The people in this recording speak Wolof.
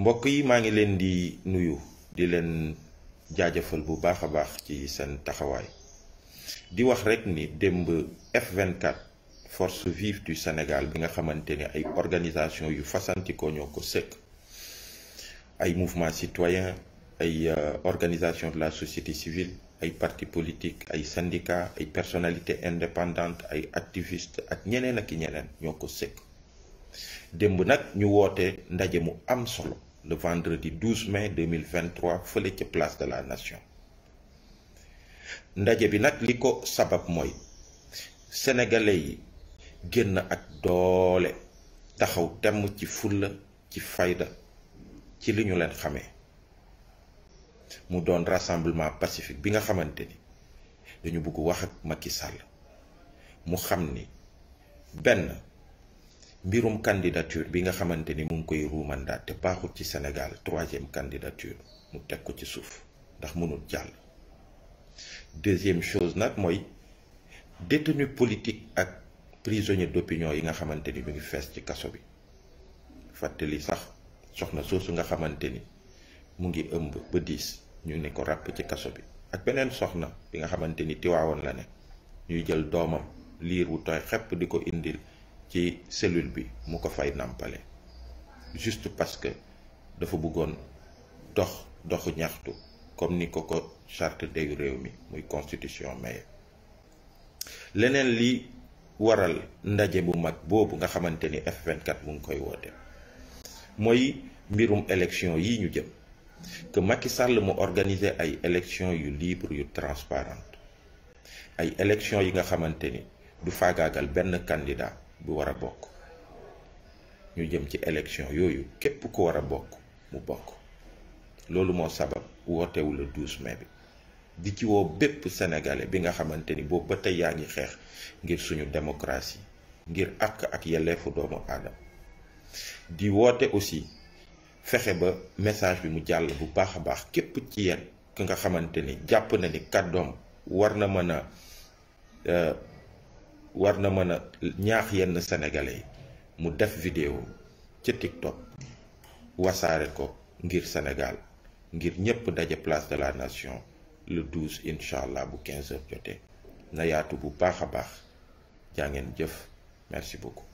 mbokk yi maa ngi leen di nuyu di leen jaajëfal bu baax a baax ci seen taxawaay di wax rek ni démb f force vive du Sénégal bi nga xamante ne ay organisation yu fasantikoo ñoo ko sëkk ay mouvement citoyen ay euh, organisation de la société civile ay partie politique ay syndicat ay personnalité indépendante ay activiste ak ñeneen ak i ñeneen ñoo ko sëkk démb nag ñu woote ndaje mu am solo le vendredi 12 mai 2023 fële ca place de la nation ndaje bi nag li ko sabab mooy senegale yi génn ak doole taxaw temm ci fulla ci fayda ci li ñu leen xamee mu doon rassemblement pacifique bi nga xamante ni dañu bëgg wax ak Macky Sall mu xam ni benn mbirum candidature bi nga xamante ni mu ngi koy ruumandaat te baaxut ci Sénégal troisième candidature mu teg ko ci suuf ndax mënul jàll deuxième chose nag mooy détenu politique ak prisonnier d'opinion yi nga xamante ni ñu ngi fees ci kaso bi fàttali sax soxna su nga xamante ni mu ngi ëmb ba diis ñu ne ko ràpp ci kaso bi ak beneen soxna bi nga xamante ni tiwaawoon la ne ñuy jël doomam liir wu tooy xepp di ko indil ci cellule bi mu ko fay nàmpale juste parce que dafa bëggoon dox doxu ñaxtu comme ni ko ko charte deyu réew mi muy constitution maye leneen li waral ndaje bu mag boobu nga xamante ni f mu ngi koy woote mooy mbirum élection yi ñu jëm que Macky Sall mu organiser ay élection yu libre yu transparente ay élection yi nga xamante ni du faagaagal benn candidat bu war a bokk ñu jëm ci élection yooyu képp ko war a bokk mu bokk loolu moo sabab wootewu la 12 mai bi di ci woo bépp sénégalais bi nga xamante ni boobu ba tey yaa ngi xeex ngir suñu démocratie ngir àq ak yelleefu doomu aadama di woote aussi fexe ba message bi mu jàll bu baax a baax képp ci yéen ki nga xamante ni jàpp na ni kàddoom war na mën a euh, war na mën a ñaax yenn sénégalais mu def vidéo ca TikTok wasaare ko ngir Sénégal ngir ñépp daje place de la nation le 12 incha allah bu 15 heures jotee na bu baax a baax jaa ngeen jëf merci beaucoup.